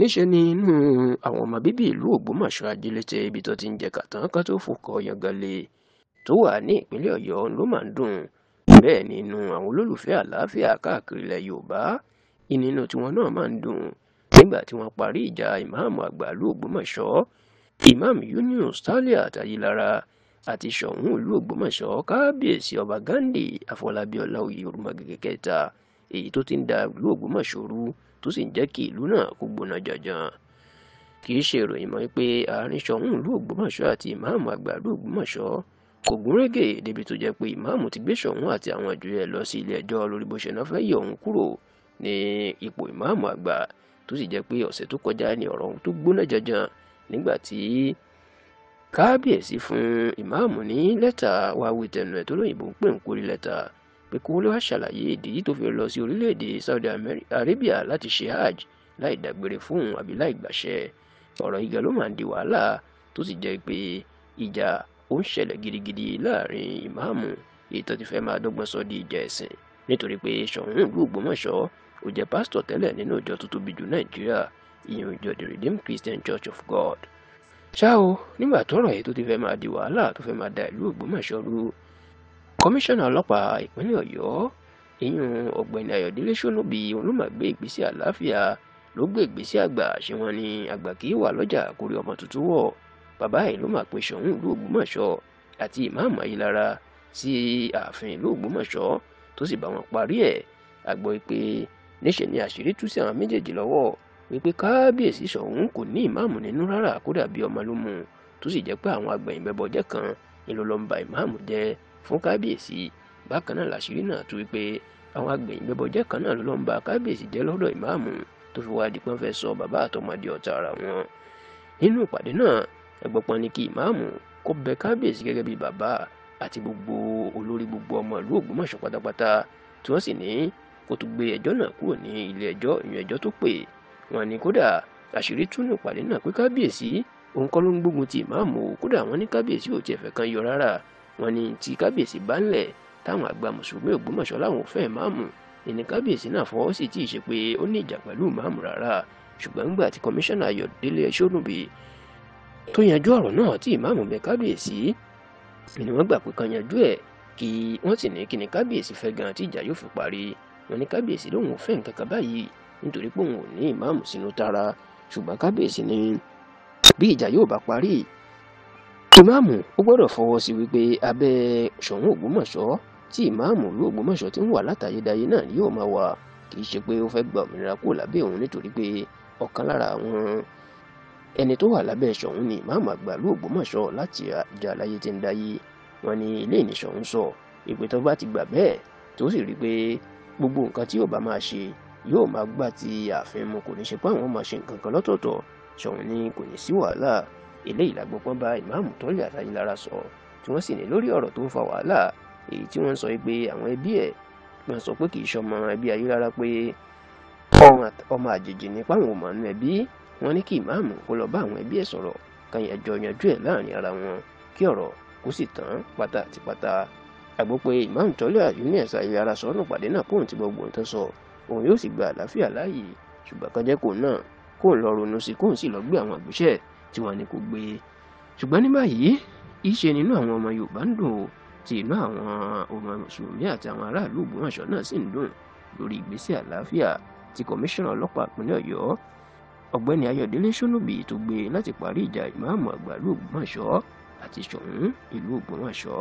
níṣẹ́ ni inú àwọn ọmọ bíbí ìlú Ògbómọ̀ṣọ́ ajílété ibi tó ti ń jẹ kàtán ká tó fòkọ yangale tó wà ní ìpínlẹ̀ Ọ̀yọ́ ló máa ń dùn bẹ́ẹ̀ ni inú àwọn olólùfẹ́ àlàáfíà káàkiri ilẹ̀ Yorùbá ìnínú tiwọn náà máa ń dùn nígbà tí wọ́n parí ìjà ìmáàmù àgbà ìlú Ògbómọ̀ṣọ́ ìmáàmù Yunus Taliat Ayilara àti Ṣọ̀ún ìlú Ògbómọ̀ṣọ́ kábíyèsí ọba Ghandi Afọlábí Ọláoyè Ọ̀rúnmọ̀gẹ̀gẹ̀ kẹta èyí tó ti ń da ìlú Ògbómọ̀ṣọ́ rú tó sì ń jẹ́ kí ìlú náà kó gbóná janjan kì í ṣe ìròyìn mọ́ pé àárín ṣọ̀ún ìlú ògbómọ̀ṣọ́ àti ìmáàmù àgbà ìlú ògbómọ̀ṣọ́ kò gúnrégé débi tó jẹ́ pé ìmáàmù ti gbé ṣọ̀ún àti àwọn ìjòyè lọ sí ilé ẹjọ́ lórí bó ṣe náà fẹ́ yọ òun kúrò ní ipò ìmáàmù àgbà tó sì jẹ́ pé ọ̀sẹ̀ tó kọjá ní ọ̀rọ̀ ohun tó gbóná janjan nígbà tí kábíyèsí fún ìmáàmù ní lẹ́tà wáwí tẹnu ẹ̀ tó lóyìnbó ń pè ń kórí lẹ́tà pé kó lè wá ṣàlàyé ìdí tó fi lọ sí orílẹ̀-èdè Saudi Arabia láti ṣe hajj láì dágbére fún àbí láì gbàṣẹ ọ̀rọ̀ ìgà ló máa ń di wàhálà tó sì jẹ́ pé ìjà ó ń ṣẹlẹ̀ gidigidi láàrin ìmáàmù èyí ti fẹ́ máa dọ́gbọ́n sọ di ìjà ẹ̀sìn nítorí pé Ṣọ̀ún ìlú Ògbómọ̀ṣọ́ ó jẹ́ pásítọ̀ tẹ́lẹ̀ nínú ìjọ tó tóbi jù Nàìjíríà ìyẹn ìjọ the Redeemed Christian Church of God ṣá o nígbà tọ́rọ̀ yìí tó ti fẹ́ máa di wàhálà tó fẹ́ máa da ìlú Ògbómọ̀ṣọ́ rú kọmíṣánná ọlọ́pàá ìpínlẹ̀ ọ̀yọ́ ìyún ọ̀gbẹ́ni ayọ̀délé ṣónúbí ló máa gbé ìgbésẹ̀ àlàáfíà ló gbé ìgbésẹ̀ àgbà ṣé wọn ni àgbà kì í wà lọ́jà kórè ọmọ tuntun wọ̀ bàbá ẹ̀ ló máa pe ṣòun ìlú ògbómọ̀ṣọ́ àti ìmáàmù ayélára sí ààfin ìlú ògbómọ̀ṣọ́ tó sì bá wọn parí ẹ̀ àgbọ̀ pé níṣẹ́ ni àṣírí tú sí àwọn méjèèjì lọ́wọ́ wípé kábíyèsí ṣòun kò ní ìmáàmù nínú rárá kódà bí ọmọ ló mu tó sì jẹ́ pé àwọn agbẹ̀yìnbẹ̀bọ̀jẹ́ kan ìlú ló ìmáàmù jẹ́ fún kábíyèsí bákan náà làṣírí náà tú wípé àwọn agbẹ̀yìnbẹ̀bọ̀jẹ́ kan náà ló ń ba kábíyèsí jẹ́ lọ́dọ̀ ìmáàmù tó fi wá di pé wọ́n fẹ́ sọ bàbá àtọmọdé ọ̀tá ara wọn nínú ìpàdé náà ẹgbọ́pọn ní kí ìmáàmù kó bẹ kábíyèsí gẹ́gẹ́ bíi bàbá àti gbogbo olórí gbogbo ọmọ ìlú Ògbómọ̀ṣọ́ pátápátá tí wọ́n sì ní kó tún gbé ẹjọ́ náà kúrò ní ilé ẹjọ́ ìyẹn ẹjọ́ tó pè wọ́n ní kódà àṣírí tún ní ìpàdé náà pé kábíyèsí òun kọ́ ló ń gbógun ti ìmáàmù kódà wọ́n ní kábíyèsí ò tiẹ̀ fẹ́ kan yọ rárá wọ́n ni tí kábíyèsí bá ń lẹ̀ táwọn àgbà mùsùlùmí Ògbómọ̀ṣọ́ láwọn ò fẹ́ máàmù ìní kábíyèsí náà fọwọ́ sí tí ì ṣe pé ó ní ìjà pẹ̀lú máàmù rárá ṣùgbọ́n ńgbà tí kọmíṣánná Ayọ̀délé Ṣónúbì tó yanjú ọ̀rọ̀ náà tí ìmáàmù bẹ kábíyèsí ni wọ́n gbà pé kan yanjú ẹ̀ kí wọ́n sì ní kí kábíyèsí gan tí ìjà yóò fi parí ní kábíyèsí lòun ìmáàmù ó gbọ́dọ̀ fọwọ́ sí wípé abẹ́ Ṣọ̀ún Ògbómọ̀ṣọ́ tí ìmáàmù ìlú Ògbómọ̀ṣọ́ ti ń wà látàyédáyé náà ni yóò máa wà kì í ṣe pé ó fẹ́ gba òmìnira kúrò lábẹ́ òun nítorí pé ọ̀kan lára àwọn ẹni tó wà lábẹ́ Ṣọ̀ún ni ìmáàmù àgbà ìlú Ògbómọ̀ṣọ́ láti ìjà láyé tí ń dáyé wọn ni ilé ìní Ṣọ̀ún sọ ìpè tó bá ti gbà bẹ́ẹ̀ tó sì rí pé gbogbo nǹkan tí yóò bá máa ṣe yóò máa gbà ti ààfin kò ní ṣe pé àwọn máa ṣe nǹkan kan lọ́tọ̀ọ̀tọ̀ Ṣọ̀ún ni kò ní sí wàhálà eléyìí làgbọ́pọ́n bá ìmáàmù tó ń lè àtàyìn lára sọ tí wọ́n sì ní lórí ọ̀rọ̀ tó ń fa wàhálà èyí tí wọ́n sọ pé àwọn ẹbí ẹ̀ wọ́n sọ pé kì í ṣọmọ ẹbí ayé rárá pé ọmọ àjèjì ní páwọn ọmọ nínú ẹbí wọ́n ní kí ìmáàmù kó lọ bá àwọn ẹbí ẹ̀ sọ̀rọ̀ kan ẹjọ́ yanjú ẹ̀ láàrin ara wọn kí ọ̀rọ̀ kó sì tán pátá àti pátá àgbọ́ pé ìmáàmù tọ́lẹ̀ àyùní ẹ̀sà ilé pàdé náà kóun ti tí wọ́n ní kó gbé e. ṣùgbọ́n ní báyìí ìṣe nínú àwọn ọmọ Yorùbá ń dùn ó tí inú àwọn ọmọ mùsùlùmí àti àwọn aráàlú Ògbómọ̀ṣọ́ náà sì ń dùn lórí ìgbésẹ̀ àlàáfíà tí kọmíṣánná ọlọ́pàá ìpínlẹ̀ Ọ̀yọ́ ọ̀gbẹ́ni Ayọ̀délé Ṣónúbì tó gbé e láti parí ìjà ìmáàmù àgbà ìlú Ògbómọ̀ṣọ́ àti Ṣọ̀ún ìlú Ògbómọ̀ṣọ́.